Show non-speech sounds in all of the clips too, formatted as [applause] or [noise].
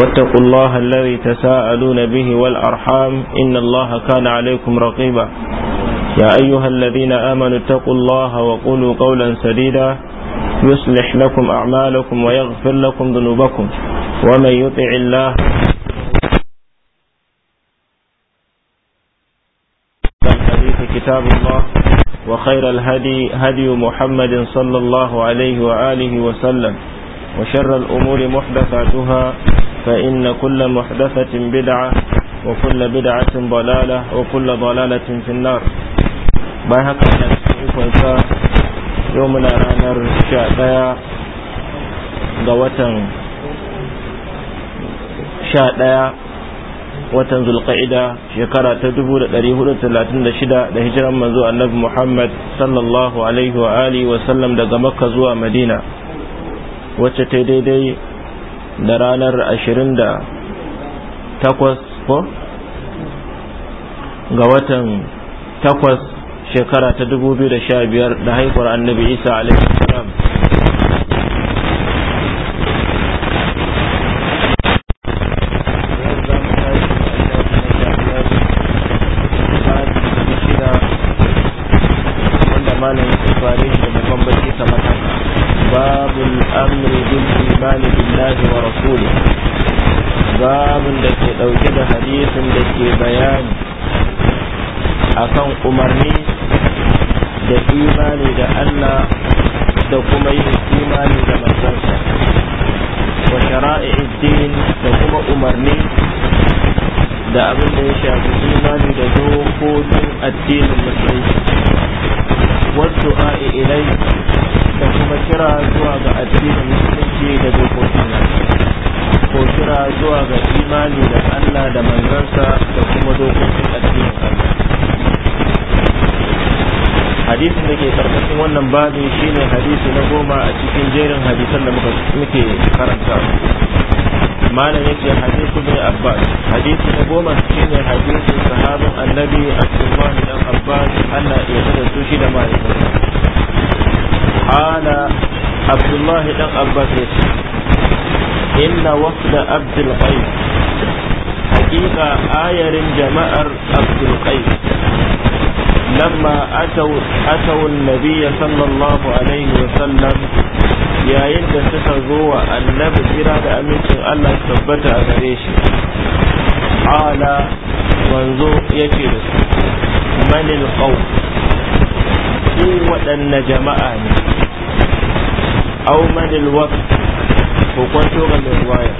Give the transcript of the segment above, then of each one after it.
واتقوا الله الذي تساءلون به والأرحام إن الله كان عليكم رقيبا يا أيها الذين آمنوا اتقوا الله وقولوا قولا سديدا يصلح لكم أعمالكم ويغفر لكم ذنوبكم ومن يطع الله الحديث كتاب الله وخير الهدي هدي محمد صلى الله عليه وآله وسلم وشر الأمور محدثاتها فإن كل محدثة بدعة وكل بدعة ضلالة وكل ضلالة في النار بايهاك أنا يومنا أنا رشاء ga watan sha ɗaya watan zulƙa'ida shekara ta dubu da ɗari hudu talatin da shida da hijiran manzo annabi muhammad sallallahu alaihi wa alihi wa sallam daga makka zuwa madina wacce ta daidai da ranar 28 ga watan 8 shekara ta 2015 da haihuwar annabi isa alaihi salam wannan babin shine hadisi na goma a cikin jerin hadisan da muka muke karanta malam yace hadisu mai abbas hadisi na goma shine hadisin sahabin annabi abdullah dan abbas Allah ya yarda su shi da ma'aikata ala abdullah dan abbas yace inna wafda abdul qais hakika ayarin jama'ar abdul qais لما أتوا أتوا النبي صلى الله عليه وسلم يا ينت تسروا النبي كرا بأمين الله ثبت أغريش قال منذ يكر من القوم قوة النجماء أو من الوقت وقلت الرواية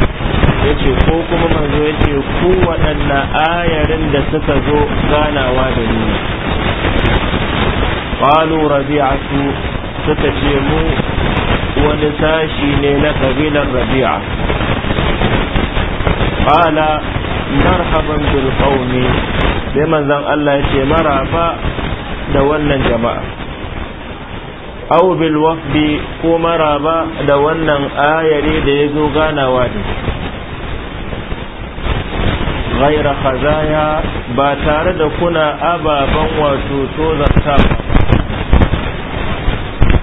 ya ce ko kuma manzo ya ce ku waɗanna ayarin da suka zo ganawa da ni ƙwalo su suka ce mu wani sashi ne na ƙabilar rabi'a ƙala marhaban bil ne sai manzan Allah ya ce ba da wannan jama'a aw bil wafdi ko maraba da wannan ayare da ya zo ganawa da ghaira khazaya ba tare da kuna ababen wato tozartawa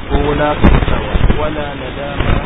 ko wulakantawa wala nadama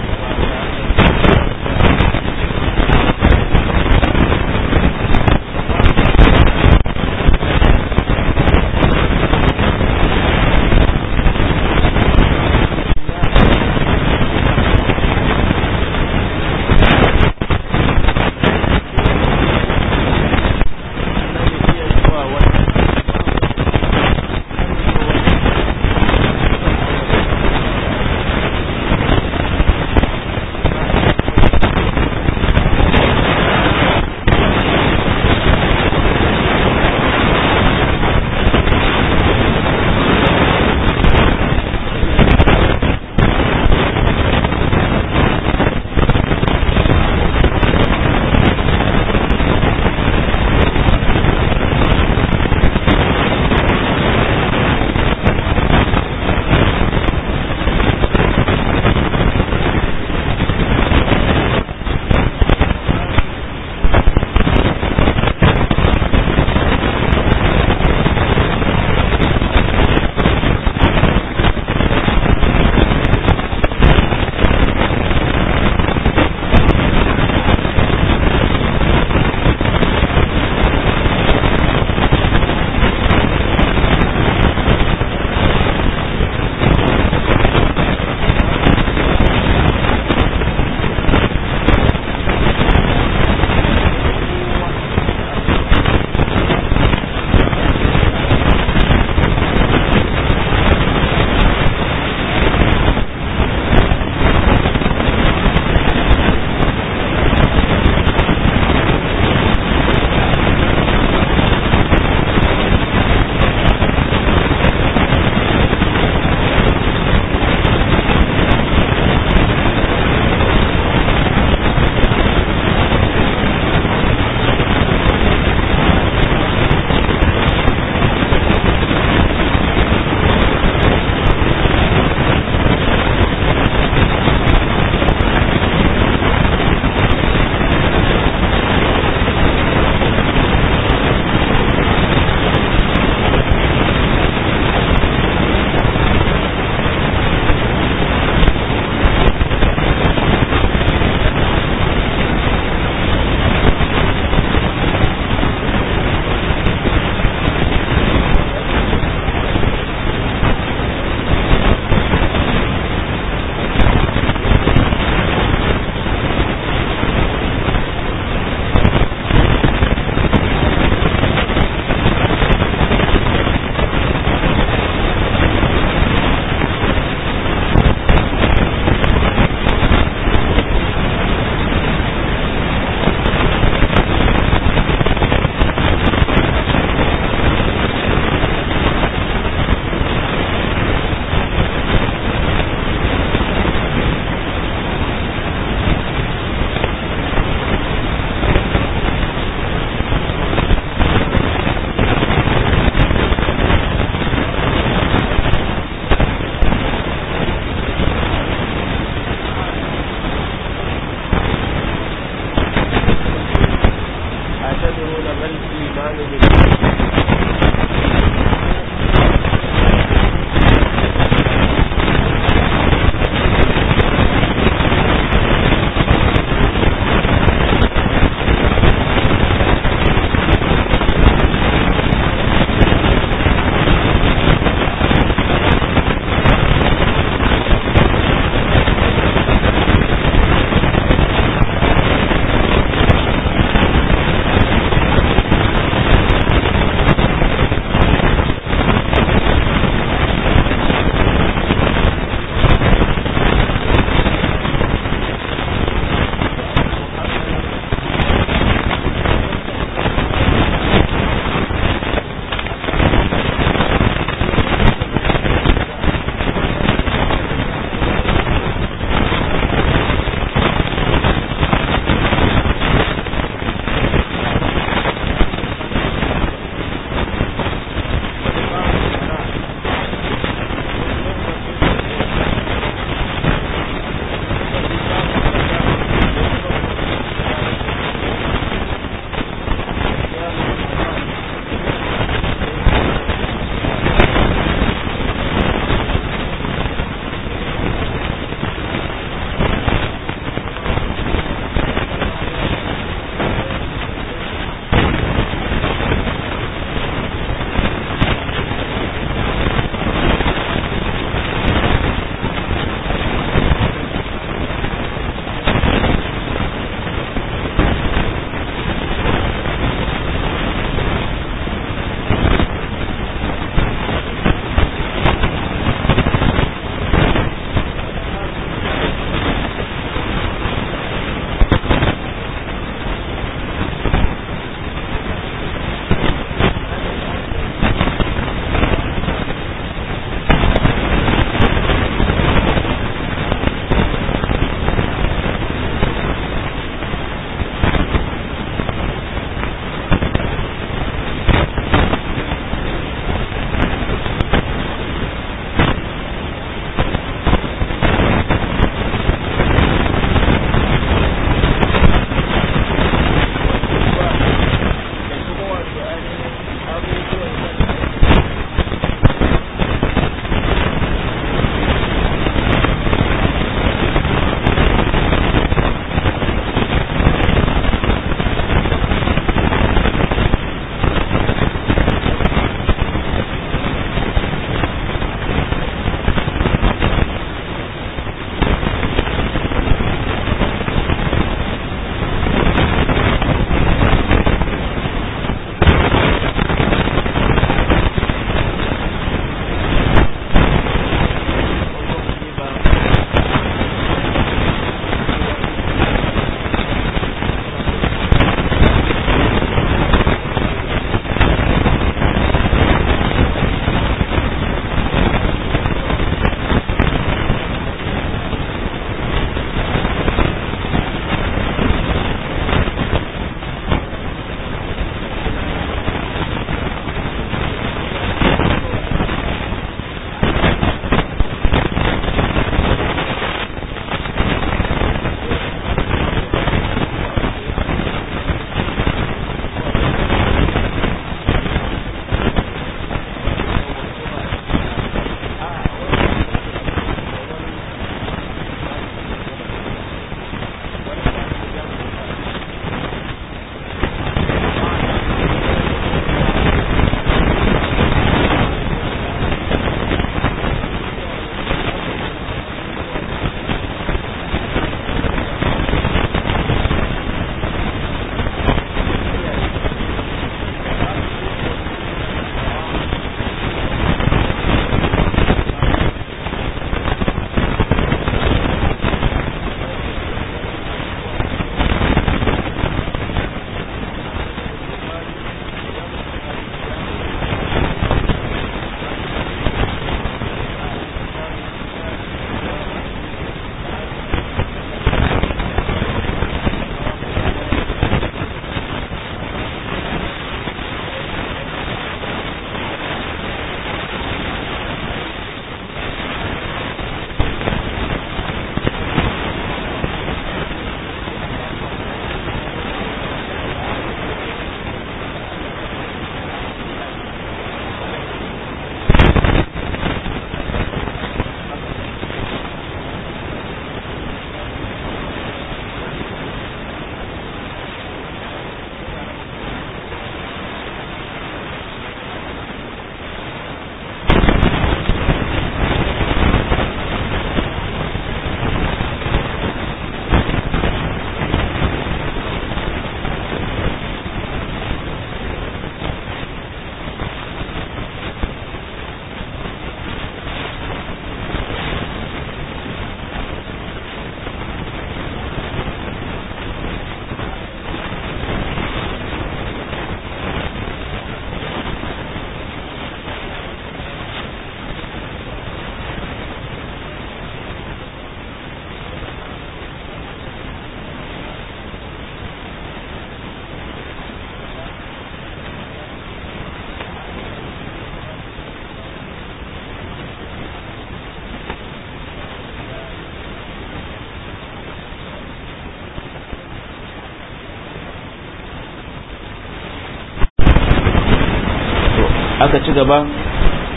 ci gaba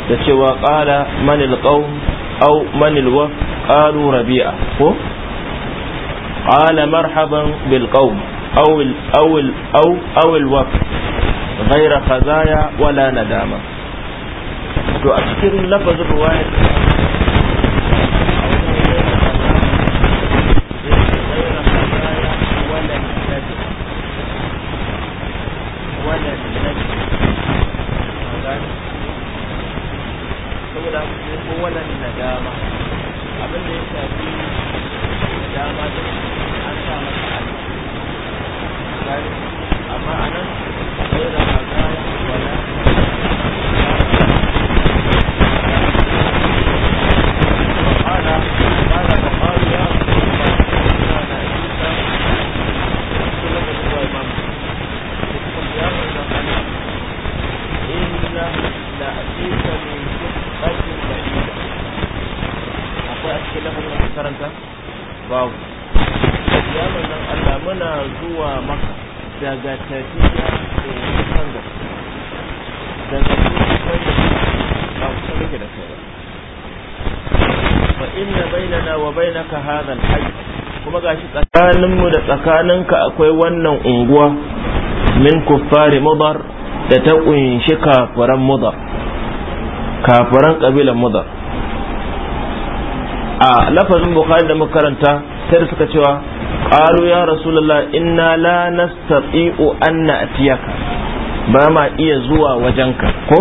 da cewa qala manil qaum aw manil wa qalu rabi'a ko qala marhaban bil qaum aw al aw al aw aw al wa ghayra khazaya wala nadama to a cikin lafazin ruwayar tsakaninka akwai wannan unguwa min kuffari mudar da ta kunshi kafiran mudar kafiran kabilan mudar a lafazin bukhari da makaranta sai suka cewa ƙaru ya rasulullah inna la nastati'u an na'tiyaka ba ma iya zuwa wajenka ko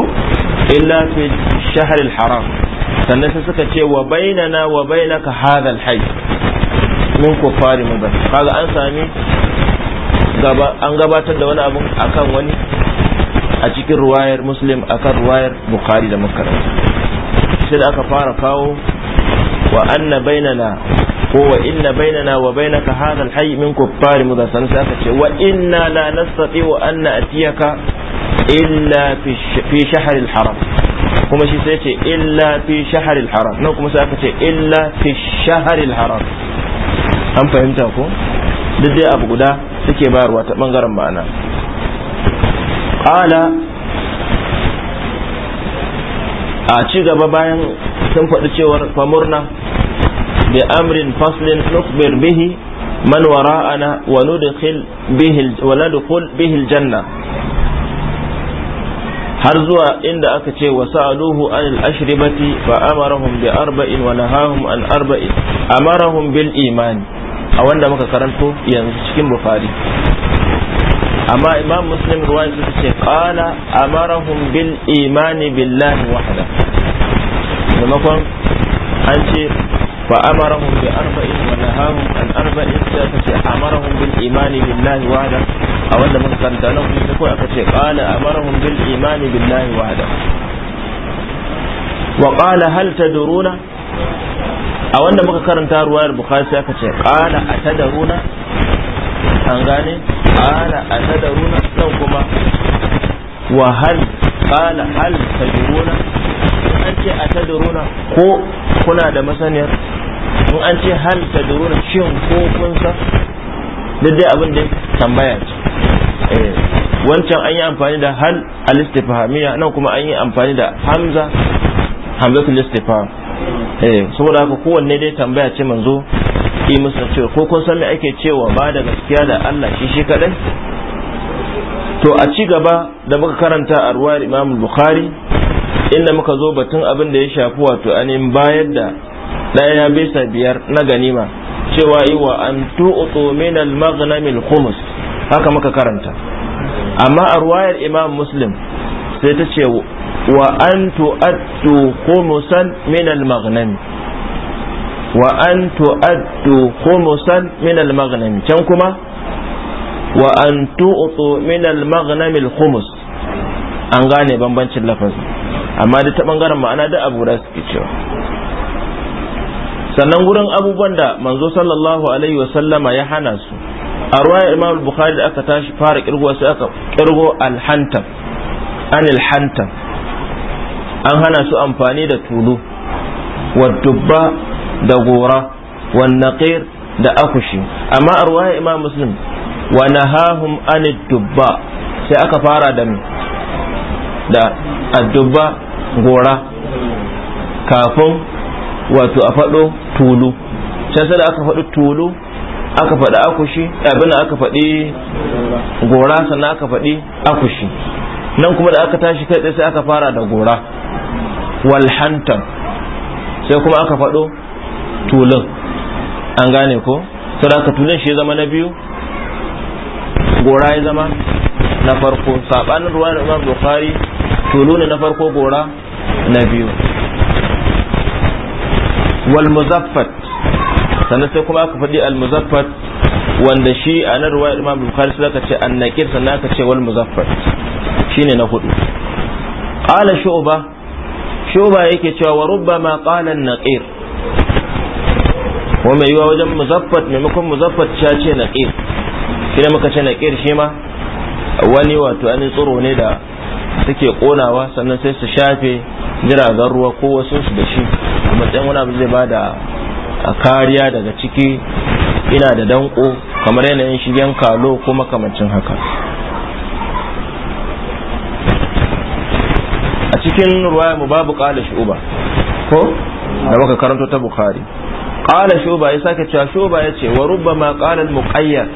illa fi shahril haram sannan sai suka ce wa bainana wa bainaka hadha al min kuffari mudar kaga an sami gaba an gabatar da wani abun akan wani a cikin ruwayar muslim akan ruwayar bukhari da makaranta sai da aka fara kawo wa anna bainana ko wa inna bainana wa bainaka hadha alhayy min kuffari mudar sai aka ce wa inna la nastati wa anna atiyaka illa fi shahr alharam kuma shi sai ce illa fi shahr alharam nan kuma sai aka ce illa fi shahr alharam an fahimta ko duk dai abu guda suke bayarwa ta bangaren ma'ana ala a ci gaba bayan sun faɗi cewar famurna bi amrin faslin nukbir bihi man wara'ana wa nadkhul bihi aljanna har zuwa inda aka ce wa sa'aluhu an al-ashribati fa amarahum bi arba'in wa nahahum an arba'in amarahum bil imani a wanda muka karanto yanzu cikin bufari amma imam muslim ruwan yanzu ce kala amarahum bil imani billahi wahda maimakon an ce fa amarahum bi arba'in wa nahahum an arba'in sai aka ce amarahum bil imani billahi wahda a wanda muka karanta nan kuma sai aka ce kala amarahum bil imani billahi wahda wa qala hal tadruna a wanda muka karanta ruwayar bukhari sai aka ce qala atadaruna an gane qala atadaruna nan kuma wa hal qala hal tajuruna an ce atadaruna ko kuna da masaniyar in an ce hal tajuruna shin ko kun sa duk dai abin da tambaya ce eh, wancan an yi amfani da hal alistifahamiya nan kuma an yi amfani da hamza hamzatul istifham eh saboda haka kowanne dai tambaya ce manzo yi musu cewa ko kun san me ake cewa ba da gaskiya da Allah shi shi kadai to a ci gaba da muka karanta a ruwayar Imam Bukhari inda muka zo batun abin da ya shafi wato anin bayar da daya bisa biyar na ganima cewa yi wa an tu'utu min al al-khums haka muka karanta amma a ruwayar Imam Muslim sai ta ce wa an tu'addu khumusan min min can kuma wa an tu'tu min al-maghnam an gane bambancin lafazin amma da ta bangaren ma'ana da abu da cewa sannan gurin abubuwan da manzo sallallahu alaihi wa sallama ya hana su a ruwayar imam bukhari da aka tashi fara kirgo sai aka kirgo an hana su amfani da tulu dubba da gora wannaqir da akushi amma a ruwaya imam muslim wa nahahum anid dubba sai aka fara da da addubba gora kafin wato a faɗo tulu sai sai da aka faɗi tulu aka faɗi akushi abin aka faɗi gora sannan aka faɗi akushi nan kuma da aka tashi kai sai aka fara da gora Walhantan. sai kuma aka faɗo tulun an gane ko sai aka tulun shi zama na biyu gora ya zama na farko sabanin ruwa da imam bukari tulu ne na farko gora na biyu wal muzaffat sannan sai kuma aka faɗi al muzaffat wanda shi a nan ruwa imam bukhari sai aka ce annakir sannan aka ce wal muzaffat shine na hudu qala shu'ba shuba yake cewa wa rubbama qala an-naqir wa mai wajen muzaffat maimakon muzaffat ta ce naqir kina muka ce naqir shi ma wani wato an tsoro ne da suke konawa sannan sai su shafe jiragen ruwa ko wasu su da shi a matsayin wani abu zai ba da kariya daga ciki ina da danko kamar yanayin shigen kalo ko makamancin haka a cikin ruwaya mu babu qala shuba ko da baka karanto ta bukhari qala shuba ya sake cewa shuba ya ce wa rubbama qala al-muqayyad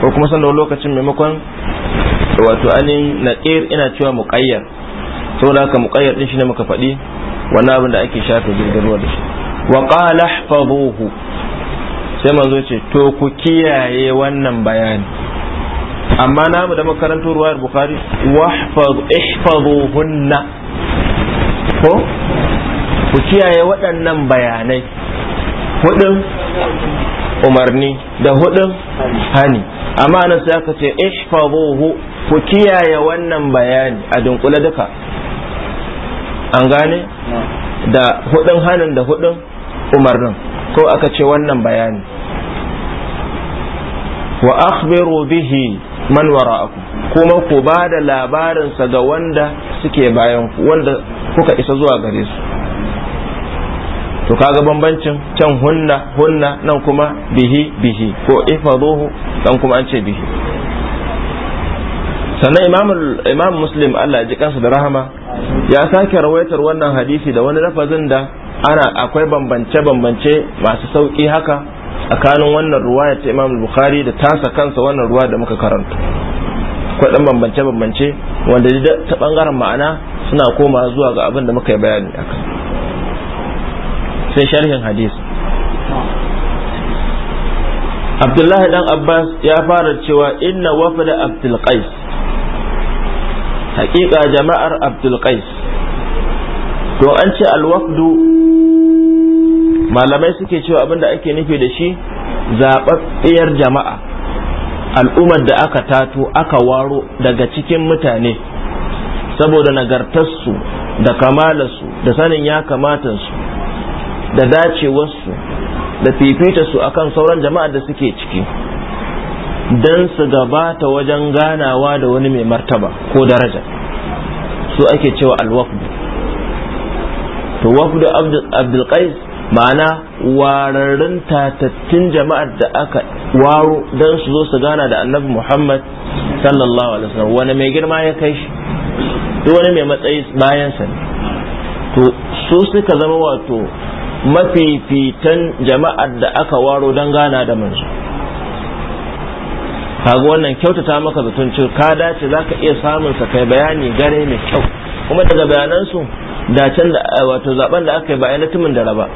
ko kuma san da lokacin maimakon wato anin naqir ina cewa muqayyad saboda haka muqayyad din shine muka faɗi wani abin da ake shafe jirgin ruwa da shi wa qala ihfazuhu sai manzo ce to ku kiyaye wannan bayani amma na mu da makarantar ruwa bukari ihfazuhunna ko ku kiyaye waɗannan bayanai hudun umarni da hudun hani amma nan sai aka ce ihfazuhu ku kiyaye wannan bayani a dunkule duka an gane da hudun hanin da hudun umarnin ko aka ce wannan bayani wa akhbiru bihi man wara'akum kuma ku ba da labarinsa ga wanda suke bayan ku wanda kuka isa zuwa gare su to kaga bambancin can hunna hunna nan kuma bihi bihi ko ifaduhu dan kuma an ce bihi sannan imam muslim Allah ji kansa da rahama ya sake rawaitar wannan hadisi da wani lafazin da ana akwai bambance bambance masu sauƙi haka tsakanin wannan ruwaya ta imam bukhari da tasa kansa wannan ruwa da muka karanta akwai dan bambance bambance wanda ta bangaren ma'ana suna koma zuwa ga abin da muka yi bayani a sai sharhin hadis abdullahi dan abbas ya fara cewa inna wafda abdul qais hakika jama'ar abdul qais to an ce alwafdu malamai suke cewa abin da ake nufi da shi zaɓaɓɓiyar jama'a al'ummar da aka tato aka waro daga cikin mutane saboda nagartarsu da kamalarsu da sanin ya su da dacewarsu da fifita su akan sauran jama'a da suke ciki don su gabata wajen ganawa da wani mai martaba ko daraja su ake cewa alwafdu to wafdu qais ma'ana wararrun tatattun jama'ar da aka waro don su zo su gana da annabi muhammad sallallahu alaihi wasallam wani mai girma ya kai shi duk wani mai matsayi bayansa ne to su suka zama wato mafifitan jama'ar da aka waro don gana da manzo kaga wannan kyautata maka zaton ka dace za ka iya samun sa kai bayani gare mai kyau kuma daga bayanan bayanansu da can eh, wato zaben da aka yi ba na tumin da raba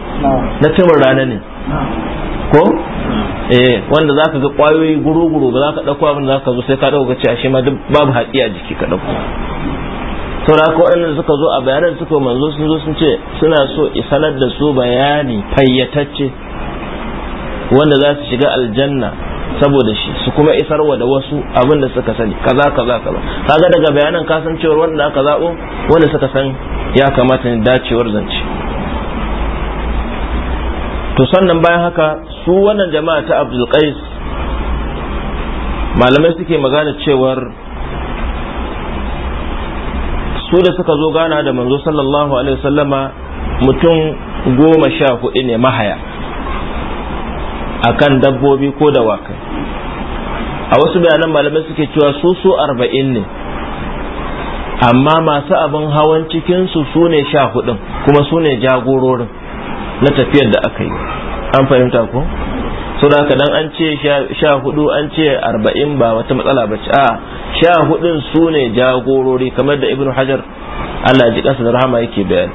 na tumin rana ne ko eh wanda zaka ga kwayoyi guruguru guru ba zaka dauko abin da zaka zo sai ka dauko ka ce ma duk babu haƙi a jiki ka dauko da ko waɗannan suka zo a bayanan suka manzo sun zo sun ce suna so isanar da su bayani fayyatacce wanda za su shiga aljanna saboda shi su kuma isarwa da wasu abin da suka sani kaza kaza kaza kaga daga bayanan kasancewar wanda aka zabo wanda suka san ya kamata ne dacewar zance to sannan bayan haka su wannan jama'a ta abdul qais malamai suke magana cewar su da suka zo gana da manzo sallallahu alaihi wasallama mutum goma sha hudu ne mahaya akan dabbobi ko dawakai a wasu bayanan malamai suke cewa su su arba'in ne amma masu abin hawan cikinsu su ne sha hudun kuma su jagororin na tafiyar da aka yi an fahimta ko so da haka dan an ce sha hudu an ce arba'in ba wata matsala ba a sha hudun sune jagorori kamar da ibnu hajar allah ji kasa da rahama yake bayani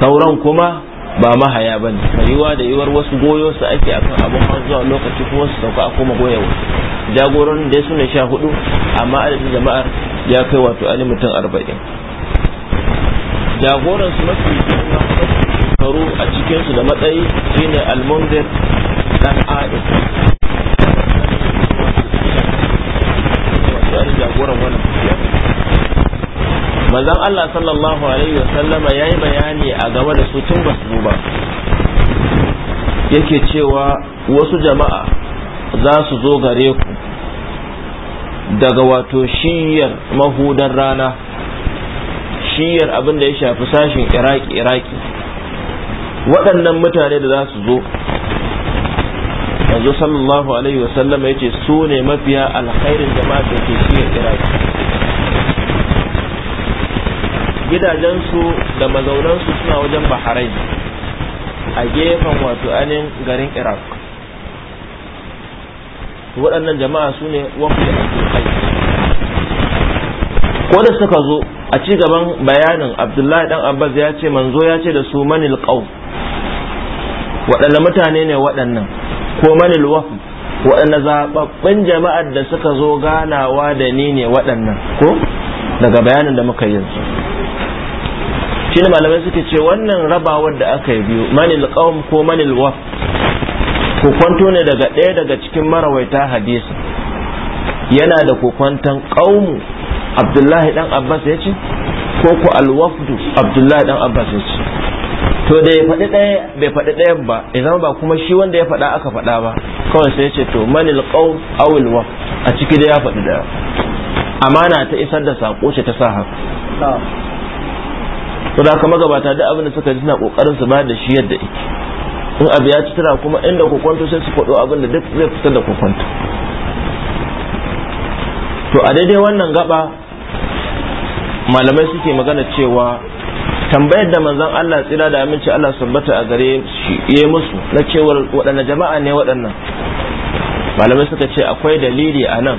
sauran kuma ba mahaya ba ne yiwa da yiwar wasu goyo su ake akan abin hawa zuwa lokaci kuma su sauka a koma goya wasu jagororin da su ne sha hudu amma adadin jama'ar ya kai wato ani mutum arba'in jagoran su mafi shekaru a cikinsu da matsayi shine almundir dan a'id manzan Allah sallallahu alaihi wa sallama yayi bayani a game da su tun basu ba yake cewa wasu jama'a za su zo gare ku daga wato shiyar mahudan rana shiyar abin da ya shafi sashen iraki iraki waɗannan mutane da za su zo yanzu sallallahu alaihi wasallam ya ce su ne mafiya alkhairin jama'a da ke shiyar iraki gidajensu da mazaunansu suna wajen baharai a gefen wato anin garin iraq waɗannan jama'a su ne wafi ko da suka zo a ci gaban bayanin abdullahi dan abbas ya ce manzo ya ce da su manil qaw waɗanne mutane ne waɗannan ko manil wafi waɗanne zaɓaɓɓen jama'ar da suka zo ganawa da ni ne waɗannan ko daga bayanin da muka yi shi ne malamai suke ce wannan rabawar da aka yi biyu manil qaw ko manil wafi? kokwanto ne daga ɗaya daga cikin marawaita hadisi yana da kokwantan kaumu abdullahi dan abbas ya ce ko ku alwafdu abdullahi dan abbas ya ce to da ya faɗi ɗaya bai faɗi ɗaya ba idan ba kuma shi wanda ya faɗa aka faɗa ba kawai sai ya ce to manil qaum awil waf a ciki da ya faɗi ɗaya amana ta isar da sako ce ta sa haka to da haka magabata duk abin da suka ji suna kokarin su ba da shi yadda yake in abu ya ci tara kuma inda kokonto sai su faɗo abin da duk zai fitar da kokonto to a daidai wannan gaba malamai suke magana cewa tambayar da manzon Allah tsira da aminci Allah sabbata a gare shi ya musu na cewar waɗanne jama'a ne waɗannan malamai suka ce akwai dalili a nan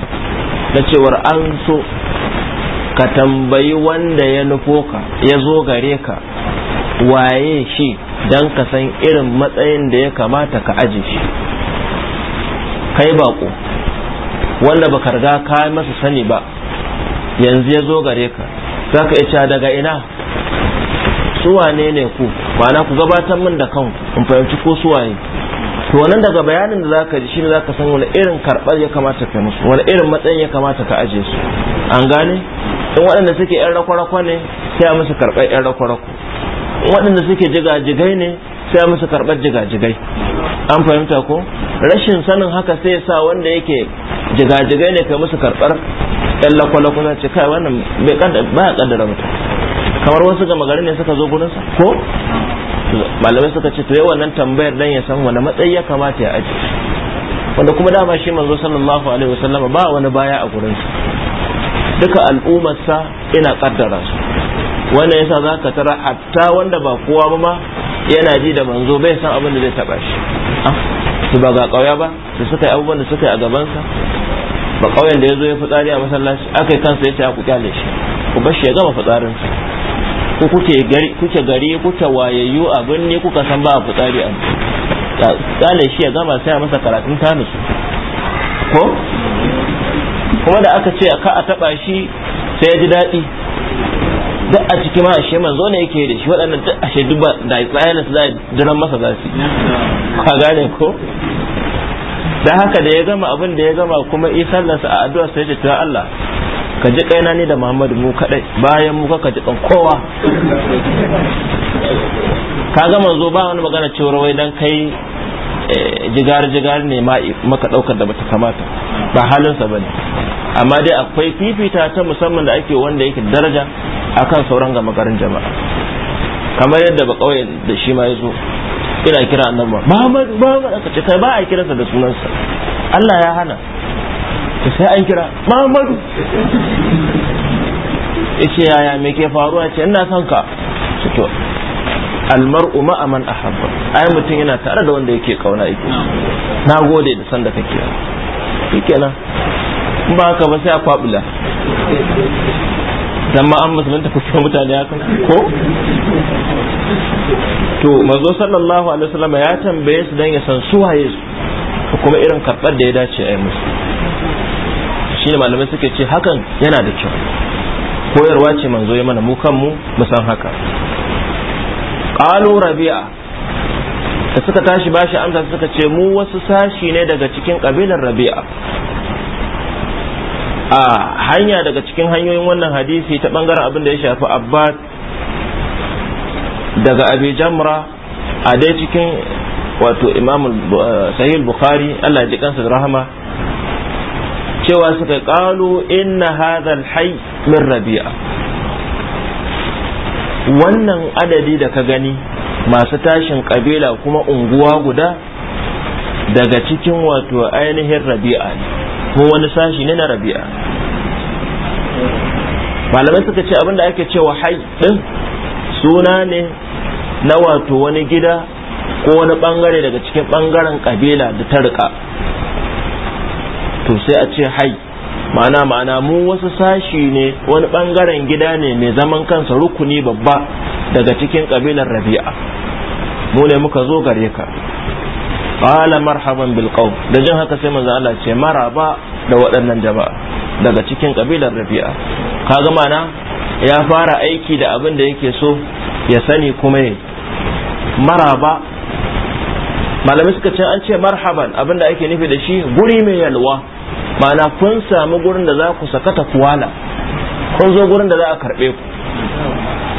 na cewar an so ka tambayi wanda ya nufo ka ya zo gare ka waye shi Dan ka san irin matsayin da ya kamata ka aji. shi kai bako wanda ba riga ka yi masa sani ba yanzu ya zo gare ka za ka iya daga ina su wane ne ku ma'ana ku gabatar min da kan in fahimci ko su to nan daga bayanin da zaka ji shine zaka san wani irin karbar ya kamata ka musu wani irin matsayin ya kamata ka aje su an gane in waɗanda suke yan rako ne sai a musu karɓar yan rako waɗanda suke jigajigai ne sai musu karɓar jigajigai an fahimta ko rashin sanin haka sai sa wanda yake jigajigai ne kai musu karɓar ɗan lakwalakwa ce kai wannan bai ya ƙaddara mutum kamar wasu gama gari ne suka zo gurinsa ko malamai suka ce to yi wannan tambayar dan ya san wani matsayi ya kamata ya aji. wanda kuma dama shi manzo sallallahu alaihi wasallama ba wani baya a gurinsa duka al'ummarsa ina kaddara su wannan yasa za ka tara hatta wanda ba kowa ba ma yana ji da manzo bai san abin da zai taba shi ah, su ba ga ƙauya ba su suka yi abubuwan da suka yi a gabansa ba ƙauyen da ya zo ya fitsari a masallaci aka yi kansa ya ce ku kyale shi ku bar shi ya gama fitsarinsa ku kuke gari kuke wayayyu abin ne kuka san ba a fitsari a kyale shi ya gama sai a masa karatun tanusu ko kuma da aka ce ka a taba shi sai ya ji daɗi duk a cikin ma ashe manzo ne yake da shi waɗannan duk ashe duk da tsayanin su za jiran masa za su ka gane ko da haka da ya gama abin da ya gama kuma isan nasa a addu'a sai ya ce Allah ka ji kaina ne da Muhammadu mu kadai bayan mu ka ji kowa ka gama manzo ba wani magana cewar wai dan kai eh, jigar jigar ne ma maka daukar da bata kamata ba halinsa bane amma dai akwai fifita ta musamman da ake wanda yake daraja akan sauran gama garin jama'a kamar yadda ba kawai da shi ma ya zo ina kira annabi Muhammad Muhammad aka ce kai ba a kiransa da sunansa Allah ya hana to sai an kira Muhammadu yace yaya me ke faruwa ce ina son ka to almar'u ma'a man ahabba ai mutum yana tare da wanda yake kauna yake na gode da san da kake shikenan ba ka ba sai a kwabula dan ma an musulunta [laughs] kusa mutane haka ko to manzo sallallahu alaihi wasallam ya tambaye su dan ya san su waye su kuma irin karɓar da ya dace a yi musu shine malamai suke ce hakan yana da kyau koyarwa ce manzo ya mana mu kanmu mu san haka qalu rabi'a da suka tashi bashi amsa suka ce mu wasu sashi ne daga cikin kabilar rabi'a a hanya daga cikin hanyoyin wannan hadisi ta bangaren abin da ya shafi abbad daga abi jamra a dai cikin wato imam uh, sahih bukhari Allah ji kansa rahama cewa suka kalu inna hadha alhayy min rabi'a wannan adadi da ka gani masu tashin kabila kuma unguwa guda daga cikin wato ainihin rabi'a ne ko wani sashi ne na rabi'a malamai suka ce abinda ake cewa hai din suna ne na wato wani gida ko wani bangare daga cikin bangaren kabila da ta rika to sai a ce hai ma'ana ma'ana mu wasu sashi ne wani bangaren gida ne mai zaman kansa rukuni babba daga cikin kabilar rabi'a mu ne muka zo gare ka qala marhaban bil qawm da jin haka sai manzo Allah ce maraba da waɗannan jama'a daga cikin kabilar Rabi'a kaga mana ya fara aiki da abin da yake so ya sani kuma ne maraba malamai suka ce an ce marhaban abin da ake nufi da shi guri mai yalwa ma'ana kun samu gurin da za ku sakata kuwala kun zo gurin da za a karɓe ku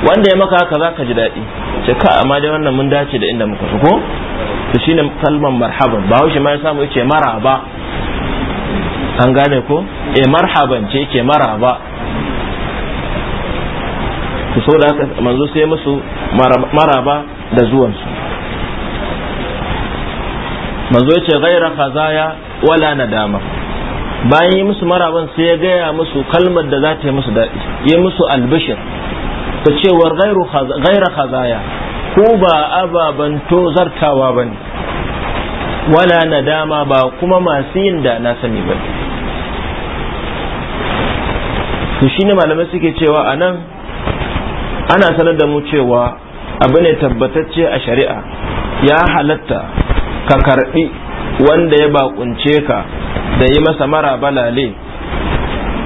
wanda ya maka haka za ka ji daɗi ce ka amma dai wannan mun dace da inda muka ko to shine kalmar marhaban ba haushe ma ya samu yace maraba an gane ko eh marhaban ce yake maraba so da haka manzo sai musu maraba da zuwansu manzo yace ghaira khazaya wala nadama bayan yi musu maraban sai ya gaya musu kalmar da za ta yi musu daɗi yi musu albishir ta cewar gaira khazaya ku ba ababen tozartawa ba ne wala nadama ba kuma masu yin da na sani ba ne. shi ne malamai suke cewa a nan ana sanar da mu cewa abu ne tabbatacce a shari'a ya halatta ka karbi wanda ya bakunce ka da yi masa mara balale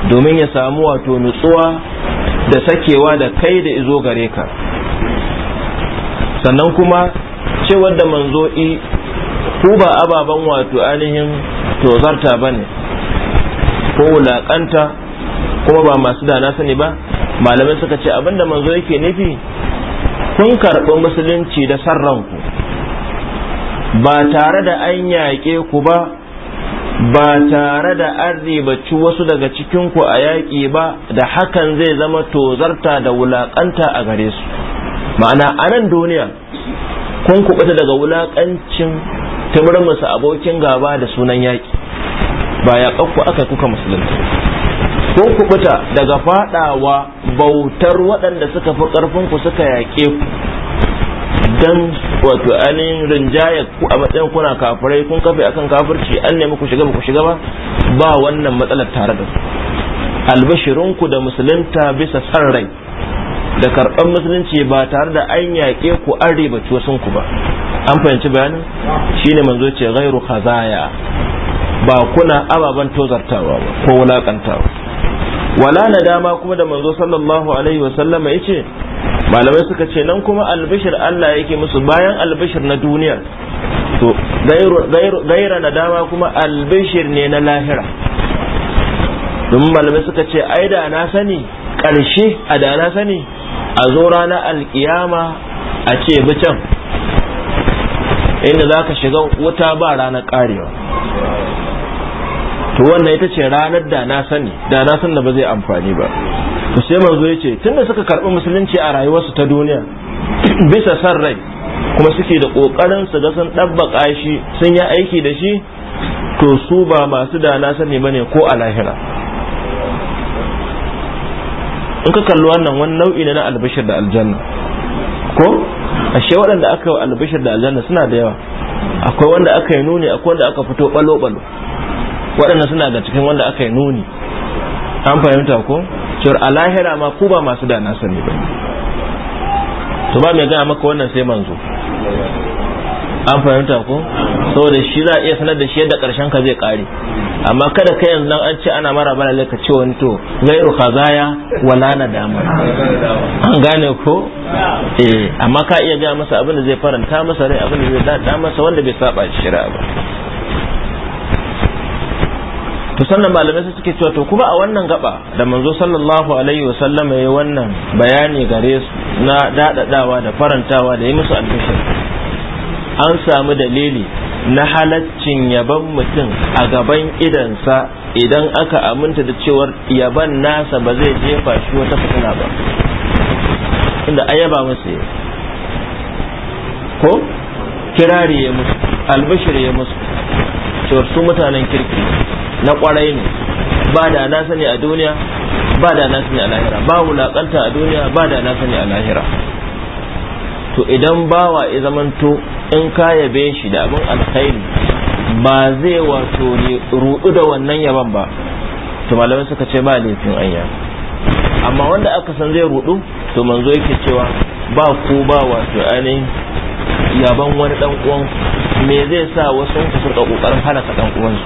domin ya samu wato nutsuwa da sakewa da kai da izo gare ka sannan kuma cewar da manzo'i ku ba ababen wato ainihin tozarta ba ne ko wulaƙanta kuma ba masu dana sani ba malamai suka ce abin da manzo yake nufi kun karɓi musulunci da sarranku ba tare da an yaƙe ku ba ba tare da an ribaci wasu daga cikinku a yaƙi ba da hakan zai zama tozarta da wulaƙanta a gare su ma'ana a nan duniya kun kubuta daga wulakancin musu abokin gaba da sunan yaƙi ba yaƙakku aka kuka musulunta kun kubuta daga fadawa bautar waɗanda suka fi ƙarfinku suka yaƙe ku dan wato ainihin rinjaya ku a matsayin kuna kafirai kun kafe akan kafirci an nemi ku shiga ba ku shiga ba ba wannan matsalar tare da su albashirinku da musulunta bisa san rai da karɓar musulunci ba tare da an yaƙe ku an ribaci ku ba an fahimci bayanin shine manzo ce gairu khazaya ba kuna ababen tozartawa ba ko wulakantawa wala nadama kuma da manzo sallallahu alaihi wa sallama yace malamai suka ce nan kuma albishir Allah yake musu bayan albishir na duniya to gaira nadama kuma albishir ne na lahira domin malamai suka ce ai da na sani ƙarshe a da na sani a zo ranar alƙiyama a ce bi inda za ka shiga wuta ba ranar ƙarewa. to wannan ita ce ranar da na sani da na san da ba zai amfani ba to sai manzo ya ce tunda suka karɓi musulunci a rayuwarsu ta duniya [clears throat] bisa san rai kuma suke da ƙoƙarin su ga sun ɗabbaƙa shi sun yi aiki da shi to su ba masu da na sani bane ko a lahira in ka kalli wannan wani nau'i ne na albashir da aljanna ko ashe waɗanda aka yi albashir da aljanna suna da yawa akwai wanda aka yi nuni akwai wanda aka fito balo-balo waɗanda suna da cikin wanda aka yi nuni an fahimta ko cewar a lahira ma ku ba masu da na sani ba to ba mai gaya maka wannan sai manzo an fahimta ko saboda shi za a iya sanar da shi yadda karshen ka zai kare amma kada kai yanzu nan an ce ana mara bala ka ce wani to gairu zaya wala na dama. an gane ko eh amma ka iya ga masa abin da zai faranta masa rai abin da zai dada masa wanda bai saba shira ba to sannan malamai su suke cewa to kuma a wannan gaba da manzo sallallahu alaihi wa sallama yayi wannan bayani gare su na dadadawa da farantawa da yi musu albishir an samu dalili na halaccin yaban mutum a gaban idansa idan aka aminta da cewar yaban nasa ba zai jefa shi wata fitina ba inda ayaba masa yi. ko kirari ya musu albashir ya musu cewar su mutanen kirki na kwarai ne ba da na sani a duniya ba da na sani a lahira ba wulakanta a duniya ba da na sani a lahira to idan bawa ya zamanto in ka yabe shi da abin alkhairi ba zai wato rudu da wannan yaban ba to malamai suka ce ba laifin anya amma wanda aka san zai ruɗu to manzo yake cewa ba ko ba wato ainihin yaban wani dan uwan me zai sa wasu su suka kokarin ka dan uwansu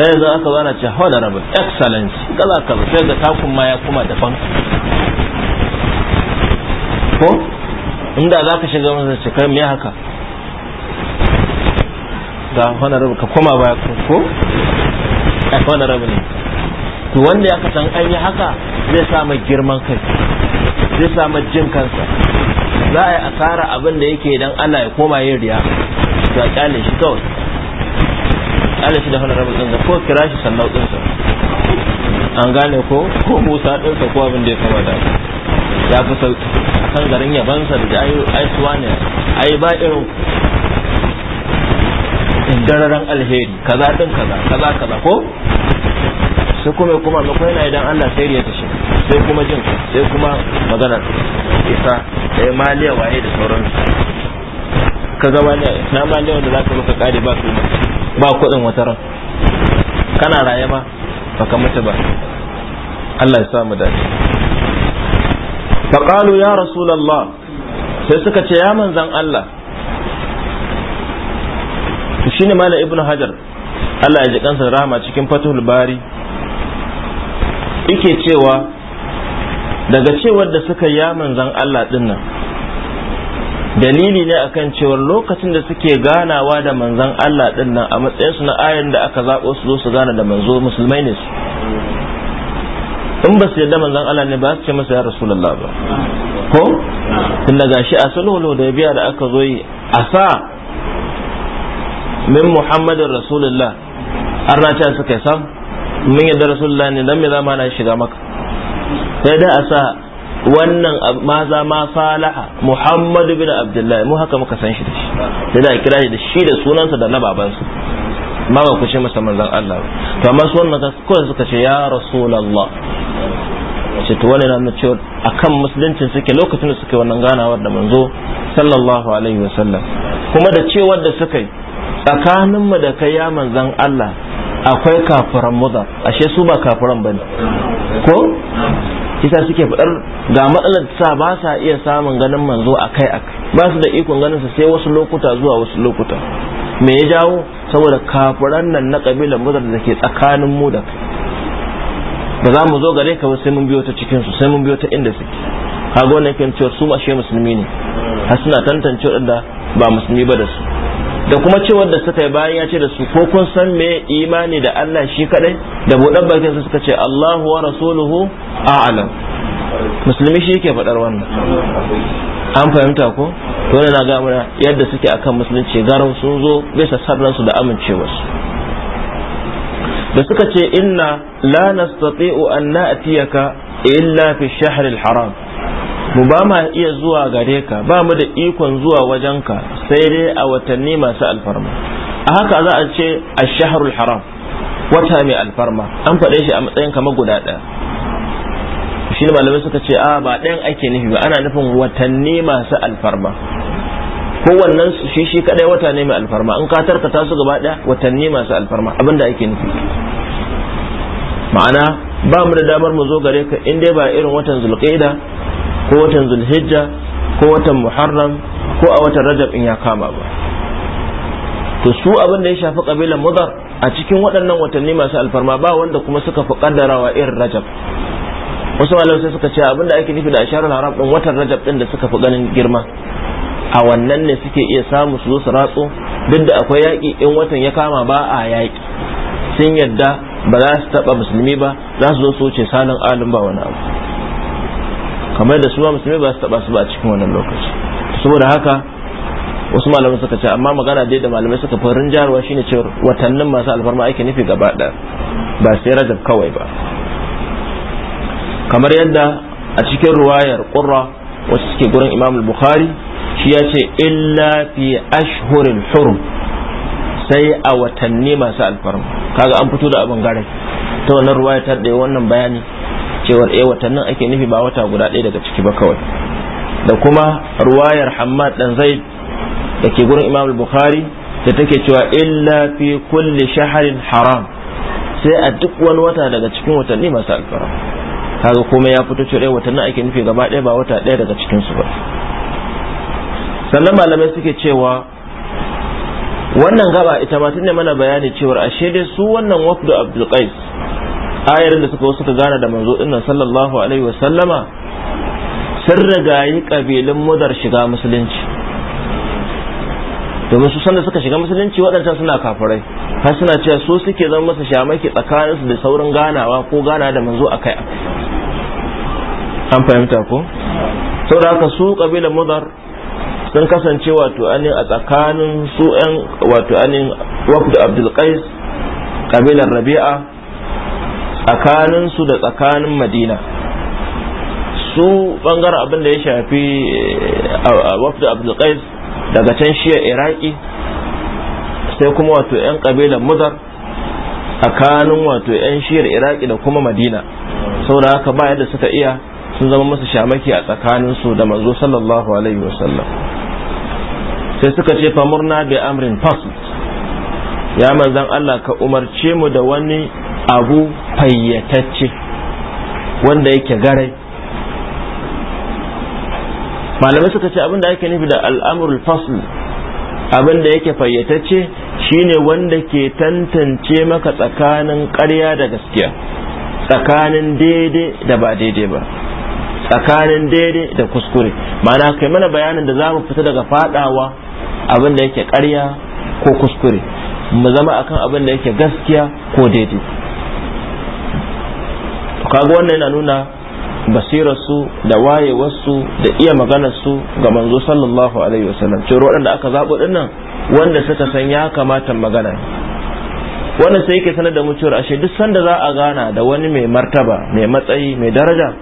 da yanzu aka zana ce honorable excellence kaza kaza sai ga takun ma ya kuma daban ko inda za ka shiga masa ce kai me haka ga rabu ka koma baya ko a rabu ne to wanda ya kasan an yi haka zai sama girman kai zai sama jin kansa za a yi asara abin da yake idan Allah ya koma yin riya to a kyale shi kawai kyale shi da wani rabu zanga ko kira shi sannan ɗinsa. an gane ko ko musa ɗinsa ko abin da ya kama da ya fi sauki kan garin yabansa da ai aisuwa ne ai ba irin dararan alheri kaza din kaza kaza kaza ko sai kuma kuma mako yana idan Allah sai ya tashi sai kuma jin sai kuma magana isa sai eh, maliya waye da sauran Ka zama ne na maliya wanda zaka maka kare ba kuma ba kuɗin wata ran kana raye ba baka mutu ba Allah ya sa mu dace faƙalu ya rasulallah sai suka ce ya manzan Allah shi ne ibn hajar Allah ya ji kansa rahama cikin fatul ike cewa daga cewar da suka ya manzan Allah dinnan dalili ne akan cewar lokacin da suke ganawa da manzan Allah dinnan a matsayinsu na ayan da aka zaɓo su zo su gana da manzo musulmai ne su in ba su yadda manzon Allah ne ba su ce masa ya rasulullah ba ko tunda gashi a sulhul biya da aka zo yi a sa min muhammadin rasulullah an rata suka yi sam min yadda rasulullah ne dan me za na shiga maka sai da a sa wannan maza ma falaha muhammadu bin abdullahi mu haka muka san shi da shi sai da kira shi da shi da sunansa da na babansa ma ba ku ce masa manzon Allah to amma su wannan ta kowa suka ce ya rasulullah ce to wani na ce akan musuluncin suke lokacin da suke wannan ganawar da manzo sallallahu alaihi wasallam kuma da cewa da suka tsakanin tsakaninmu da kai ya manzan Allah akwai kafiran mudar ashe su ba kafiran bane ko kisa suke faɗar ga matsalar sa ba sa iya samun ganin manzo akai akai ba su da ikon ganin sa sai wasu lokuta zuwa wasu lokuta me ya jawo saboda kafiran nan na kabilan mudar da ke tsakanin mu da ba za mu zo gare ka sai mun biyo ta cikin su sai mun biyo ta inda suke kaga wannan kan cewa su shi musulmi ne ha suna tantance wadanda ba musulmi ba da su da kuma cewar da suka yi bayan ya ce da su ko kun san me imani da Allah shi kadai da buɗan bakin su suka ce Allahu wa rasuluhu a'lam musulmi shi ke faɗar wannan an fahimta ko to na ga mana yadda suke akan musulunci garau sun zo bisa sarransu da su da suka ce inna la nastati'u an na'tiyaka illa fi shahr al-haram mu ba ma iya zuwa gare ka ba mu da ikon zuwa wajenka sai dai a watanni masu alfarma a haka za a ce a al haram wata mai alfarma an faɗe shi a matsayin kamar guda ɗaya shi ne malamai suka ce a ah, ba ɗayan ake nufi ba ana nufin watanni masu alfarma kowannen wannan shi shi kadai wata ne mai alfarma in ka tarkata su gaba ɗaya watanni masu alfarma abinda ake nufi ma'ana ba mu da damar mu zo gare ka in dai ba irin watan zulqaida ko watan zulhijja ko watan muharram ko a watan rajab in ya kama ba to su abin da ya shafi kabilan mudar a cikin waɗannan watanni masu alfarma ba wanda kuma suka fi kaddarawa irin rajab wasu malamai sai suka ce abinda ake nufi da asharul haram din watan rajab din da suka fi ganin girma a wannan ne suke iya samu su zo su ratso duk da akwai yaƙi in watan ya kama ba a yaƙi sun yadda ba za su taɓa musulmi ba za su zo su wuce salon alin ba wani abu kamar da su ma musulmi ba su taɓa su ba a cikin wannan lokaci saboda haka wasu malamai suka ce amma magana dai da malamai suka fi rinjarwa shine cewa watannin masu alfarma ake nufi gaba ɗaya ba sai rajab kawai ba kamar yadda a cikin ruwayar qurra wasu suke gurin imam bukhari shi ya ce illa fi ashhurin hurum sai a watanni masu alfarma kaga an fito da abin gare ta wannan ruwaya ta da wannan bayani cewar eh watannin ake nufi ba wata guda ɗaya daga ciki ba kawai da kuma ruwayar hammad dan zaid da ke gurin imam bukhari da take cewa illa fi kulli shaharin haram sai a duk wani wata daga cikin watanni masu alfarma kaga komai ya fito cewa watannin ake nufi gaba ɗaya ba wata ɗaya daga cikin su ba sannan malamai suke cewa wannan gaba ita ma tunda mana bayani cewa ashe dai su wannan wafdu abdul qais ayar da suka suka gana da manzo dinnan sallallahu alaihi wa sallama sun rigayi kabilun mudar shiga musulunci domin su sanda suka shiga musulunci waɗancan suna kafirai har suna cewa su suke zama masa shamaki tsakaninsu da saurin ganawa ko gana da manzo a kai. an fahimta ko saboda haka su kabilar mudar sun kasance wato anin a tsakanin su yan wato anin wafd abdul qais kabilar rabi'a tsakanin su da tsakanin madina su bangaren abin da ya shafi eh, wafd abdul qais daga can shiya iraki sai kuma wato 'yan kabilan mudar tsakanin wato 'yan shiyar iraki da kuma madina saboda haka ba yadda suka iya sun zama musu shamaki a tsakanin su da manzo sallallahu alaihi wasallam sai suka ce fa murna bi amrin fasl ya manzan Allah ka umarce mu da wani abu fayyatacce wanda yake garai malamai suka ce abin da ake nufi da al'amurul fasl abin da yake fayyatacce shine wanda ke tantance maka tsakanin ƙarya da gaskiya tsakanin daidai da ba daidai ba tsakanin daidai da kuskure mana kai mana bayanin da za mu fita daga fadawa abin da yake ƙarya ko kuskure mu zama akan abin da yake gaskiya ko daidai kaga wannan yana nuna basirarsu da wayewarsu da iya maganarsu ga manzo sallallahu alaihi wasallam cewa waɗanda aka zaɓo dinnan wanda suka san ya kamata magana wannan sai yake sanar da mu cewa ashe duk sanda za a gana da wani mai martaba mai matsayi mai daraja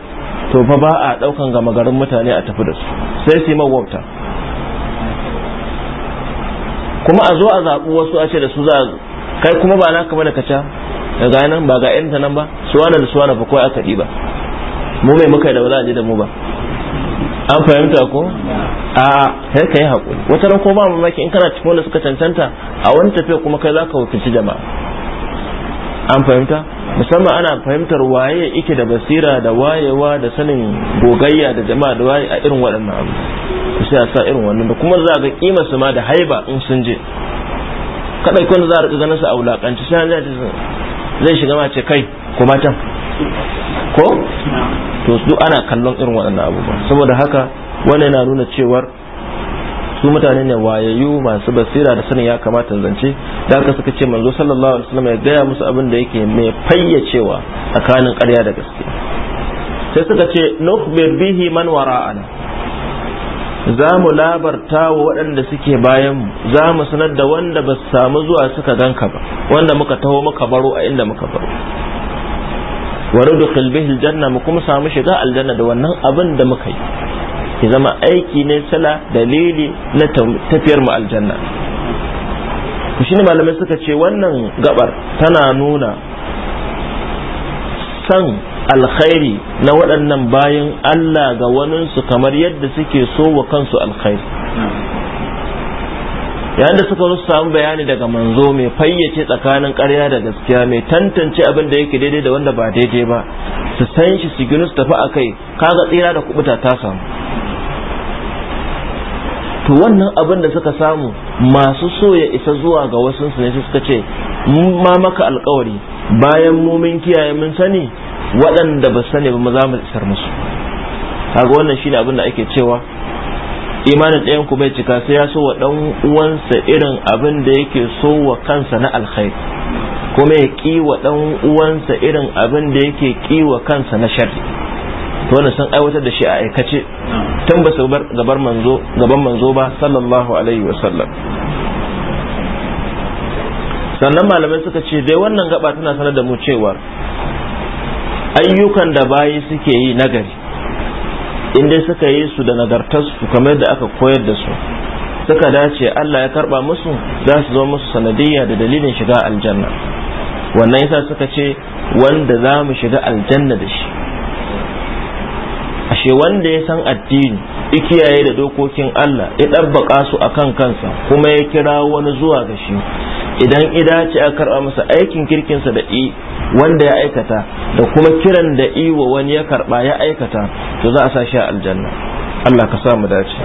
to fa ba a ɗaukan gama garin mutane a tafi da su sai su yi mawauta. kuma a zo a zaɓi wasu ashe da su za kai kuma ba kama da ka ca daga nan ba ga yanta nan ba suwana da su fa kawai aka ɗiba mu mai muka da ba za a da mu ba an fahimta ko a sai ka yi haƙuri wata ran ko ba maki in kana cikin wanda suka cancanta a wani tafiya kuma kai za ka wakilci jama'a an fahimta musamman ana fahimtar waye ike da basira da wayewa da sanin gogayya da jama'a da waye a irin waɗannan abu ku sai a sa irin wannan da kuma za ga kima su ma da haiba in sun je kada kun za a rika ganin su a wulakanci sai an zai shiga ma ce kai ko matan ko to duk ana kallon irin waɗannan abubuwa saboda haka wannan yana nuna cewar su mutane ne wayayyu masu basira da sanin ya kamata zance da haka suka ce manzo sallallahu alaihi wasallam ya gaya musu abin da yake mai fayyacewa tsakanin ƙarya da gaske sai suka ce nukhbir bihi man wara'ana za mu labarta wa waɗanda suke bayan mu za mu sanar da wanda ba su samu zuwa suka ganka ba wanda muka taho muka baro a inda muka baro Wani rudkhil bihi aljanna mu kuma samu shiga aljanna da wannan abin da muka yi ya zama aiki ne sala dalili na tafiyar mu aljanna ku shine malamai suka ce wannan gabar tana nuna san alkhairi na waɗannan bayan Allah ga waninsu kamar yadda suke so wa kansu alkhairi yayin da suka zo samu bayani daga manzo mai fayyace tsakanin ƙarya da gaskiya mai tantance abin da yake daidai da wanda ba daidai ba su san shi su ginu su tafi a kai kaga tsira da kubuta ta samu to wannan abin da suka samu masu so ya isa zuwa ga wasu su ne suka ce ma maka alkawari bayan mu mun kiyaye mun sani waɗanda ba sani ba mu za mu isar musu kaga wannan shine abin da ake cewa imanin ɗayan ku bai cika sai ya so wa ɗan uwansa irin abin da yake so wa kansa na alkhair kuma ya ƙi wa ɗan uwansa irin abin da yake ƙi wa kansa na sharri to wannan sun aiwatar da shi a aikace tun ba su gaban manzo gaban manzo ba sallallahu alaihi wa sallam sannan malamai suka ce dai wannan gaba tana sanar da mu cewa ayyukan da bayi suke yi nagari in dai suka yi su da nagartarsu kamar da aka koyar da su suka dace Allah ya karba musu za su zo musu sanadiyya da dalilin shiga aljanna wannan yasa suka ce wanda za mu shiga aljanna da shi ashe wanda ya san addini ikiyaye da dokokin Allah ya ɗabbaƙa su a kan kansa kuma ya kira wani zuwa ga shi idan idace a karɓa masa aikin kirkinsa da i wanda ya aikata da kuma kiran da iwa wani ya karba ya aikata to za a sa shi a aljanna Allah ka sa mu dace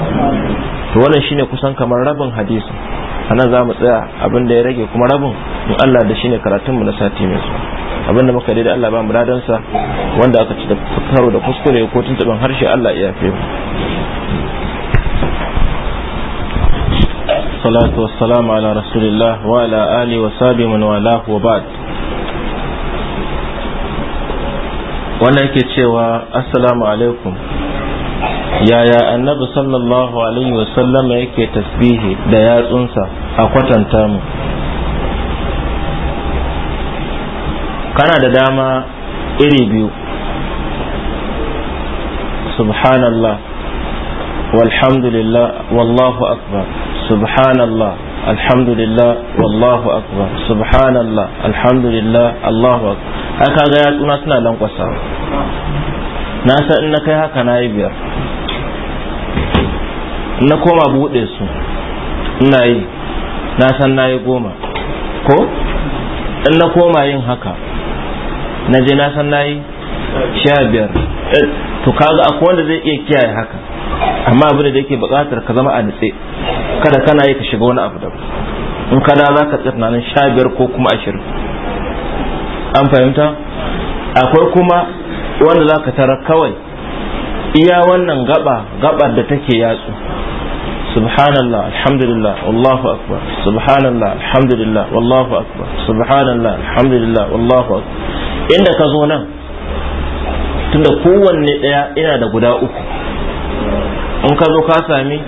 to wannan shine kusan kamar rabin hadisi anan za mu tsaya abin da ya rage kuma rabin in Allah da shine karatun mu na sati mai zuwa abin da muka da Allah ba mu sa wanda aka ci da karo da kuskure ko tuntuban harshe Allah ya yafe mu salatu wassalamu ala rasulillah wa ala alihi wa sahbihi man walahu wa ba'd wannan yake cewa assalamu alaikum yaya annabi sallallahu alaihi wasallama yake tasbihi da yatsunsa a kwatanta mu kana da dama iri biyu subhanallah walhamdulillah wallahu akbar subhanallah alhamdulillah wallahu akbar subhanallah alhamdulillah allahu akbar ai ga yatsuna suna lankwasa na san in na kai haka na yi biyar na koma buɗe su ina yi na san na yi goma ko in na koma yin haka na je na san na yi sha biyar eh, to kaga akwai wanda zai iya kiyaye haka amma abin da yake buƙatar ka zama a nitse kada kana yi ka shiga wani abu da in kada za ka tsirna nan sha biyar ko kuma ashirin an fahimta akwai kuma wanda za ka tara kawai iya wannan gaba gabar da take yatsu subhanallah alhamdulillah wallahu akbar subhanallah alhamdulillah wallahu akbar subhanallah alhamdulillah wallahu akbar inda ka zo nan tunda kowanne daya ina da guda uku in ka zo ka sami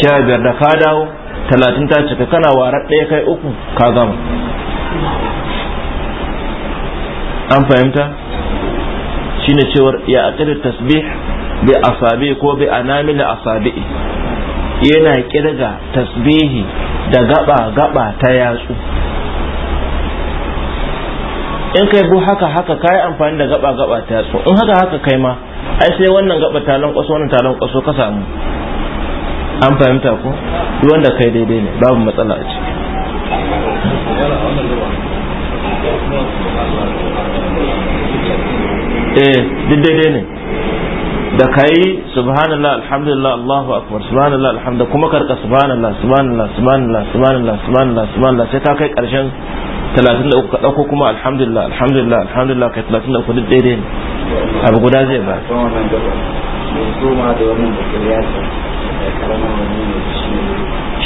sha biyar da ka dawo talatin ta cika kana warar ɗaya kai uku ka gama an fahimta shine cewar ya aqida tasbih bi asabi ko bi anamil asabi yana kirga tasbihi da gaba gaba ta yatsu in kai bu haka haka kai amfani da gaba gaba ta yatsu in haka haka kai ma ai sai wannan gaba talon kwaso wannan talon kwaso ka samu an fahimta ko duk wanda kai daidai ne babu matsala a ciki Eh, daidai ne da kai subhanallah alhamdulillah allahu akbar subhanallah alhamdulillah kuma karka subhanallah subhanallah subhanallah subhanallah subhanallah subhanallah sai ka kai karshen 33 ka dauko kuma alhamdulillah alhamdulillah alhamdulillah kai 33 duk daidai ne abu guda zai ba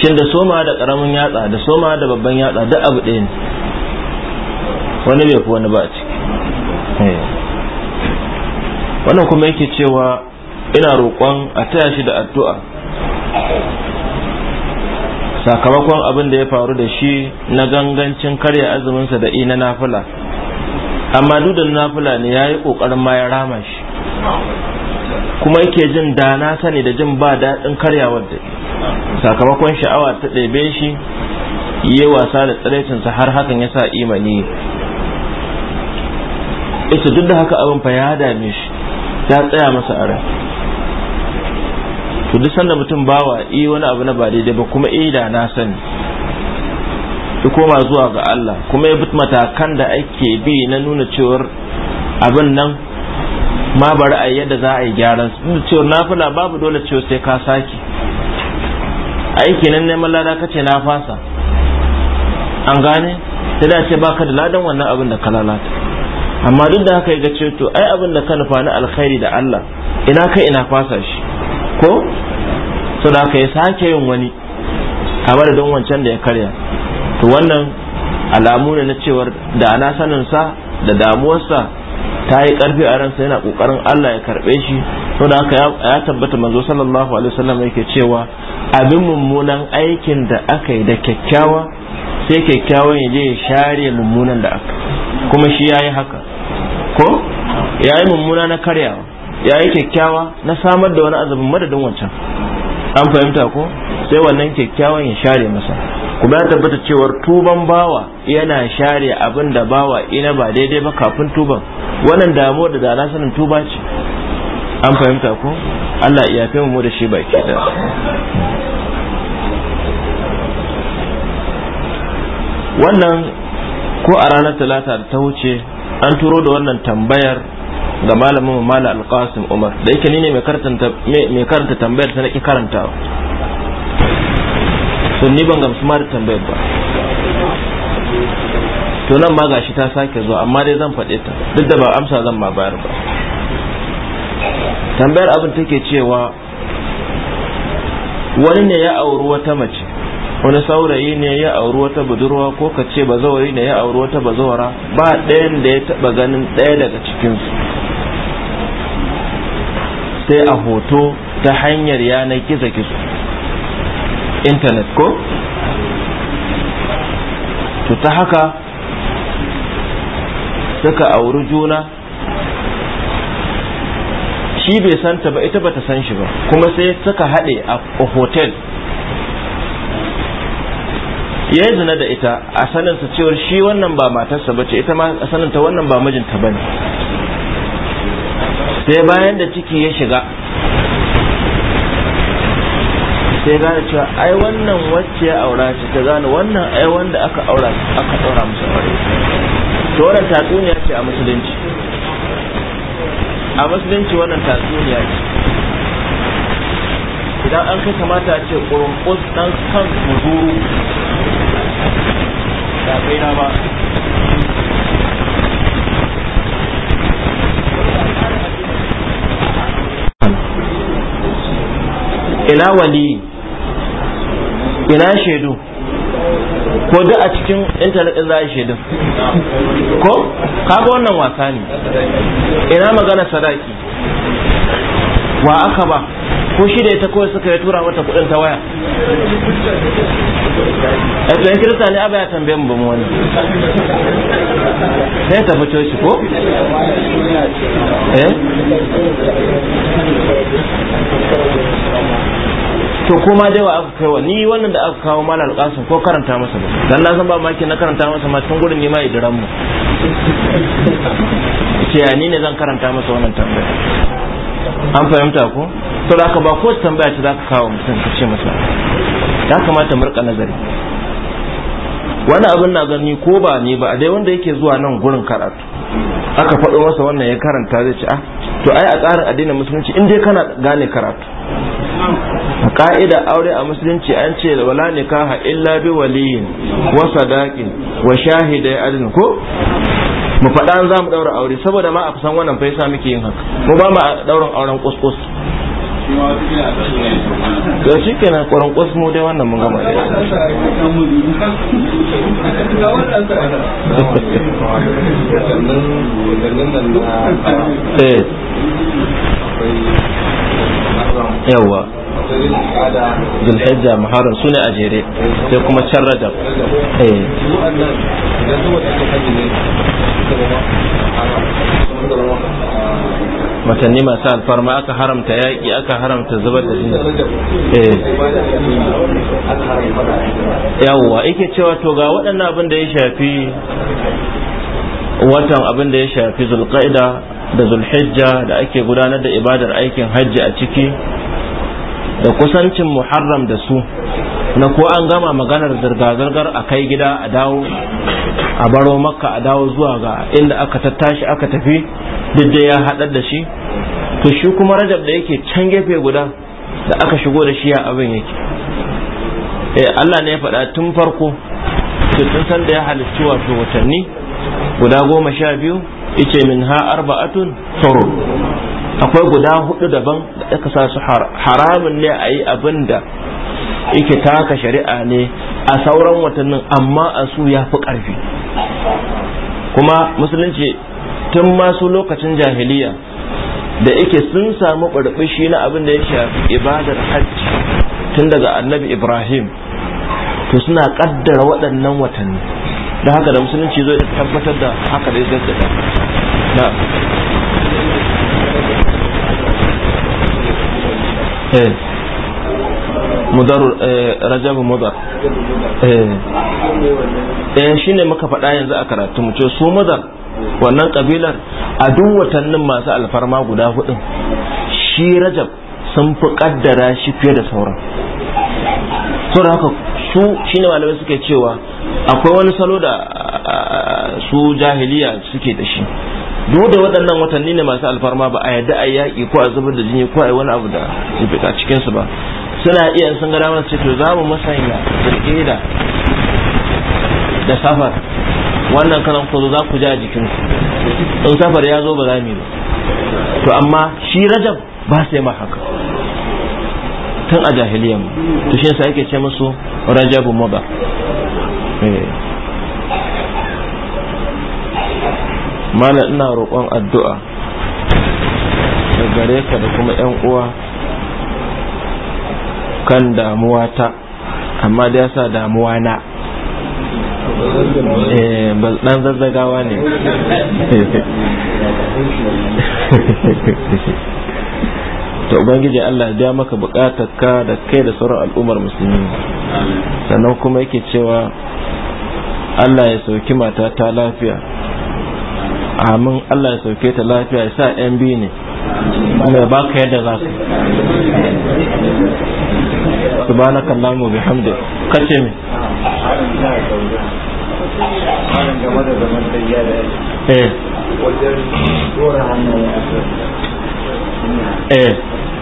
shin da soma da karamin yatsa da soma da babban yatsa duk abu ɗaya ne wani bai fi wani ba a ciki eh. wannan kuma yake cewa ina roƙon a taya shi da addu'a sakamakon abin da ya faru da shi na gangancin karya azuminsa da ina nafula amma duk da nafula ne ya yi ƙoƙarin ma ya rama shi kuma yake jin da na sani da jin ba daɗin karyawar da sakamakon sha'awa ta ɗebe shi yi wasa da tsiraicinsa har hakan ya sa imani ita duk da haka abin fa ya dame shi ya tsaya masa a rai duk sanda mutum bawa i eh, wani abu na ba daidai ba kuma eh da na sani ya koma zuwa ga Allah kuma ya bit matakan da ake bi na nuna cewar abin nan ma bari a yadda za a yi gyaran su cewar nafila babu dole cewa sai ka sake aiki nan neman lada ka ce na fasa an gane sai da ce baka da ladan wannan abin da ka lalata amma duk da haka ya ce to ai abin da ka nufa na alkhairi da Allah ina kai ina fasa shi ko so da haka ya sake yin wani kamar don wancan da ya karya to wannan alamu ne na cewar da ana sanin sa da damuwarsa ta yi karfi a ransa yana kokarin Allah ya karbe shi to da haka ya tabbata manzo sallallahu alaihi wasallam yake cewa abin mummunan aikin da aka yi da kyakkyawa sai kyakkyawan ya je ya share mummunan da aka kuma shi ya yi haka ko yayi mummuna na karyawa Yayi kyakkyawa na samar da wani azabin madadin wancan an fahimta ko sai wannan kyakkyawan ya share masa kuma ya tabbata cewar tuban bawa yana share abin da bawa ina ba daidai ba kafin tuban wannan damuwa da dana sanin tuba ce an fahimta ko Allah ya fi mu da shi baki da wannan ko a ranar talata da ta wuce an turo da wannan tambayar ga malamin mala alqasim umar da yake ni ne mai karanta tambayar ta naki karantawa ni ban gamsu ma da tambayar ba to nan ma gashi ta sake zuwa amma dai zan faɗe ta duk da ba amsa zan ma bayar ba tambayar abin take cewa wani ne ya auri wata mace wani saurayi ne ya auri wata budurwa ko ka ce bazawari ne ya auri wata bazawara ba ɗayan da ya taɓa ganin ɗaya daga cikinsu sai a hoto ta hanyar yanar gizo-gizo intanet ko? to ta haka suka auri juna shi bai santa ba ita bata san shi ba kuma sai suka haɗe a hotel ya yi zina da ita a saninsa cewar shi wannan ba matarsa bace ita ma a saninta wannan ba mijinta ne sai bayan da ciki ya shiga sai gane cewa ai wannan wacce ya aura shi ta gane wannan ai wanda aka aura aka aura musu aure to wannan tatsuniya ce a musulunci a musulunci wannan tatsuniya ce idan an kai kamata a ce ƙurunƙus ɗan kan kuzuru. kai na ba ina wali ina shaidu ko duk a cikin intanet za a shaidu ko kaga wannan wasa ne ina magana sadaki wa aka ba ko shi da ita kawai suka ya tura mata kudin ta waya a eh, tsohon kirista ne abu ya tambaye mu ba mu wani sai tafi coci ko eh to kuma dai wa aka kaiwa ni wannan da aka kawo mala alƙasin ko karanta masa ba dan na san ba maki na karanta masa ma tun gurin nema idiran mu [laughs] ce ya ni ne zan karanta masa wannan tambaya an fahimta ko to da ka ba ko tambaya ta zaka kawo mutum ka ce masa ya kamata mu rika nazari wani abin na gani ko ba ni ba a dai wanda yake zuwa nan gurin karatu aka faɗo masa wannan ya karanta zai ce ah to ai a tsarin addinin musulunci in dai kana gane karatu a ka'ida aure a musulunci an ce wala nikaha illa bi waliyin wa sadaqin wa shahidai adin ko mu faɗa an za mu ɗaura aure saboda ma a san wannan fa yasa muke yin haka mu ba mu ɗaurin auren kuskus to shi ke na ƙwaron ƙwas mu dai wannan mun gama da [laughs] eh. yawa zulhijja muharram su ne a jere sai kuma can rajab eh. watanni masu alfarma aka haramta yaƙi aka haramta zubar da jini eh. yawwa ike cewa to ga waɗannan abin da ya shafi watan abin da ya shafi zulƙa'ida da zulhijja da ake gudanar da ibadar aikin hajji a ciki da kusancin muharram da su na ko an gama maganar zirga-zirgar a kai gida a dawo a baro makka a dawo zuwa ga inda aka tattashi aka tafi duk ya haɗar da shi to shi kuma rajab da yake can gefe guda da aka shigo da shi ya abin yake eh Allah ne ya faɗa tun farko tun san da ya halitta wato watanni guda goma sha biyu ice min ha arba'atun akwai guda hudu daban da aka sa su haramun ne a yi abin da yake taka shari'a ne a sauran watannin amma a su ya fi ƙarfi kuma musulunci tun masu lokacin jahiliya da yake sun samu shi na abin da ya shafi ibadar hajji tun daga annabi ibrahim to suna ƙaddara waɗannan watanni da haka da musulunci zai tabbatar da haka da ya Eh. Eh, mudar Rajab eh. mudar eh shine muka faɗa yanzu a karatu mu ce su mudar wannan kabilar a duk watannin masu alfarma guda hudu shi rajab sun fi kaddara shi fiye da sauran saboda haka su shine malamai suke cewa akwai wani salo da su jahiliya suke da shi duk da waɗannan watanni ne masu alfarma ba a yadda a yaƙi ko a zubar da jini ko a yi wani abu da a cikinsu ba suna iya sun gada ce to za mu musanya da da safar wannan karan kuzo za ku ja a jikinsu in safar ya zo ba za mu ba to amma shi rajab ba sai ma haka tun a jahiliya mu to shi yasa ake ce musu rajabu maba eh. mana ina roƙon addu'a da gare ka da kuma 'yan uwa kan damuwa ta amma da yasa damuwa na dan eh, zazzagawa ne [laughs] ta ubangiji Allah ya maka bukatar ka da kai da sauran al'ummar musulmi sannan kuma yake cewa Allah ya sauki mata ta lafiya amin Allah ya sauke ta lafiya ya sa yan biyu ne ba baka yadda za ka subhanaka allahumma bihamdik kace mi eh eh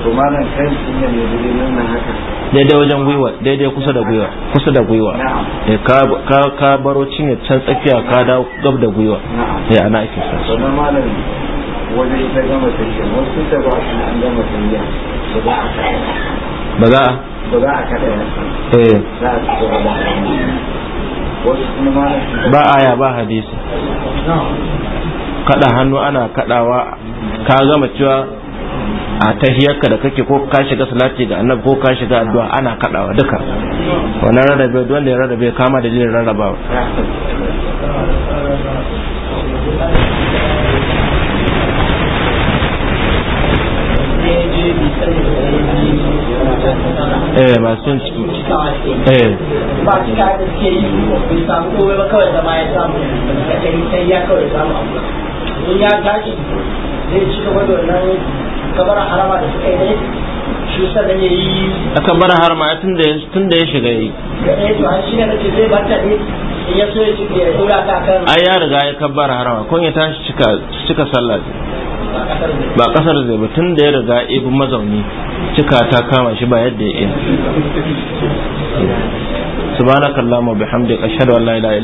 to malam kan cinya ne daidai nan haka daidai wajen gwiwa daidai kusa da gwiwa kusa da gwiwa eh, ka ka baro cinye can tsakiya ka dawo gab da gwiwa ya eh, ana ake sa to na malam wajen ita gama tafiya wasu ta ba su an gama tafiya ba za a ba za a ba za a kada ya eh za a tsoro ba ba aya ba hadisi kada hannu ana kadawa ka gama cewa a tahiyarka da kake ko ka shiga salati ga annabi ko ka shiga addu'a ana kadawa duka wannan rarrabe wanda ya rarrabe kama da jin rarrabawa eh eh ba da ke yi ba kawai ya samu kabbara harama da suka yi shi a harama tun da ya shiga yi eh ya so ya ya dora ta kan ai ya riga ya harama kun ya tashi cika cika sallah ba kasar zai ba tun da ya riga ibu mazauni cika ta kama shi ba yadda ya yi subhanakallahumma bihamdika ashhadu an la ilaha